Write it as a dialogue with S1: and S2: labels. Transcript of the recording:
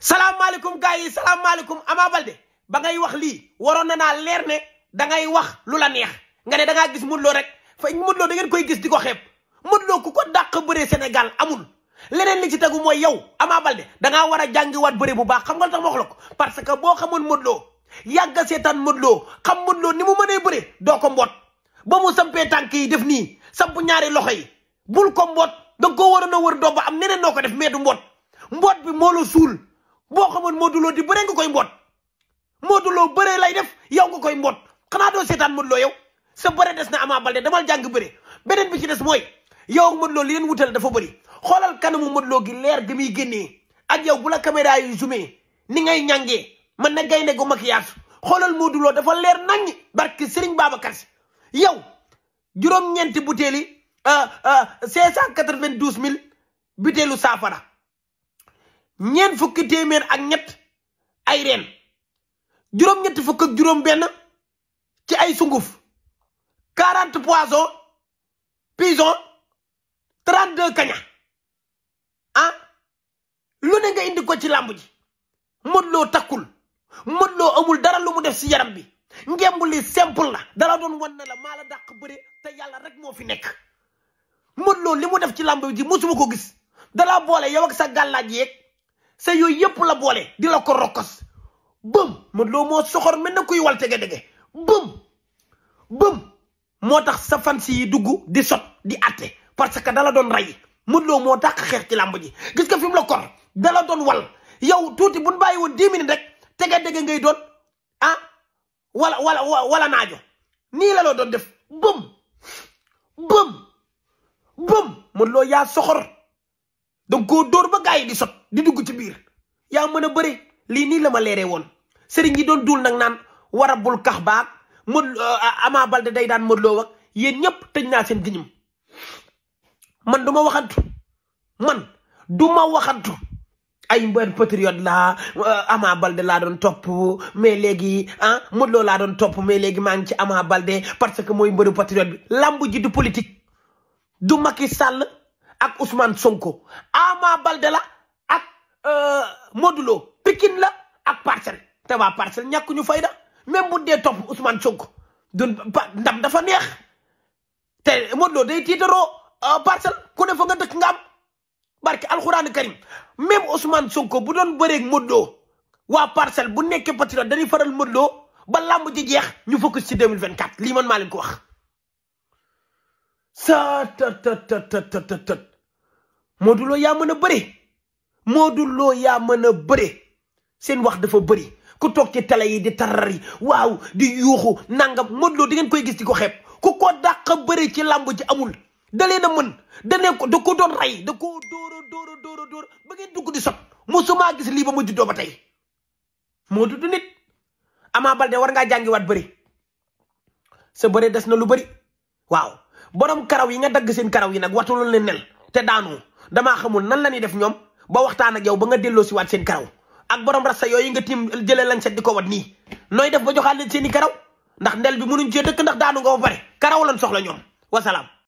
S1: salaamaaleykum gaa yi salaamaaleykum amaa Baldé ba ngay wax lii waroon na naa leer ne dangay wax lu la neex nga ne da ngaa gis Modou rek fa Modou Lo da koy gis di ko xeeb Modou Lo ku ko dàq bëree Sénégal amul leneen li ci tegu mooy yow Ama Baldé da war a jàngiwaat bëri bu baax xam nga lu tax ma wax la ko parce que boo xamoon Modou Lo yàgg a seetaan Modou xam Modou Lo ni mu mënee bëree doo ko mboot ba mu sampee tànk yi def nii samp ñaari loxo yi bul ko mboot da nga koo waroon a wër doo ba am neneen noo ko def mais du mboot mboot bi moo la suul boo xamoon Modou di bëre nga koy mboot Modou Lo lay def yow nga koy mboot xanaa doo seetaan Modou Lo yow sa bëre des na amaa Baldé damal jàng bëre beneen bi ci des mooy yow ak Modou Lo li leen wutale dafa bëri xoolal kanamu Modou gi leer gi muy génnee ak yow bu la caméra yu zoomé ni ngay ñàngee man na gaynde gu mag yaatu xoolal Modou Lo dafa leer naññ barki Serigne Babacar Si yow juróom-ñeenti butéeli euh, euh, cinq cent quatre-vingt-douze mille butéelu saafara ñeent fukki téeméer ak ñett ay reen juróom-ñetti fukk juróom-benn ci ay sunguf quarante poisson pison trente deux kaña ah lu ne nga indi ko ci làmb ji Modou Lo takkul Modou Lo amul dara lu mu def ci yaram bi ngemb li sempul la dara doon wan ne la maa la dàq bëre te yàlla rek moo fi nekk Modou Lo li mu def ci làmb ji mosuma ko gis dalaa boole yow ak sa gàllaaj yeeg se yooyu yëpp la boole di la ko rokkos bëm Modou moo soxor mel na kuy wal tege dege bëm bëm moo tax sa fans yi dugg di sot di atte parce que dala doon ray Modou moo tax xeex ci làmb ji gis ka fi mu la kor dala doon wal yow tuuti bu ñu bàyyi woon dix rek tege dege ngay doon ah wala wala wala naajo nii la loo doon def bëm bëm bëm Modou yaa soxor danga koo dóor ba gaa yi di sot di dugg ci biir yaa mën a bëre lii nii la ma leeree woon sëriñ yi doon duul nag naan warabul kax baag mën euh, Ama day daan mën loo wax yéen ñëpp tëj naa seen giñum man du ma waxantu man du ma waxantu ay mbër patriote la euh, Ama Baldé laa doon topp mais léegi ah Modou laa doon topp mais léegi maa ngi ci Ama Baldé parce que mooy mbëru patriote bi lamb ji du politique du Macky Sall ak Ousmane Sonko Ama Baldé la Euh, Modou Lo la ak Parcelles te waa Parcelles ñàkk ñu fayda même bu dee topp Ousmane Sonko du ndam dafa neex te Modou Lo day tiitaroo euh, Parcelles ku ne fa nga dëkk nga am barke alxuraan karim même Ousmane Sonko bu doon bëreeg Modou Lo waa Parcelles bu nekkee patriote dañuy faral Modou Lo ba làmb ji jeex ñu focus ci 2024 lii man maa leen ko wax. sa tët tët tët tët Modou yaa mën a bëri. Modou Lo yaa mën a bëre seen wax dafa bëri ku toog ci tele yi di tarar yi waaw di yuuxu nangam Modou Lo di ngeen koy gis di ko xeeb ku ko dàq bëri ci làmb ci amul da leen a mën da ko da ko doon rey da dóora dóora dóora dóora ba ngeen dugg di sot mosumaa gis lii ba mu juddoo ba tey Modou du nit Ama Baldé war ngaa jàngiwaat bëri sa bëri des na lu bëri waaw borom karaw yi nga dagg seen karaw yi nag watu loolu leen nel te daanoo damaa xamul nan la ñuy def ñoom ba waxtaan ak yow ba nga delloo si waat seen karaw ak borom rasta yooyu nga tiim jëlee lañ set di ko wat nii nooy def ba joxaat leen seen i karaw ndax ndel bi mënuñ cee dëkk ndax daanu nga ba pare karaw lañ soxla ñoom wasalaam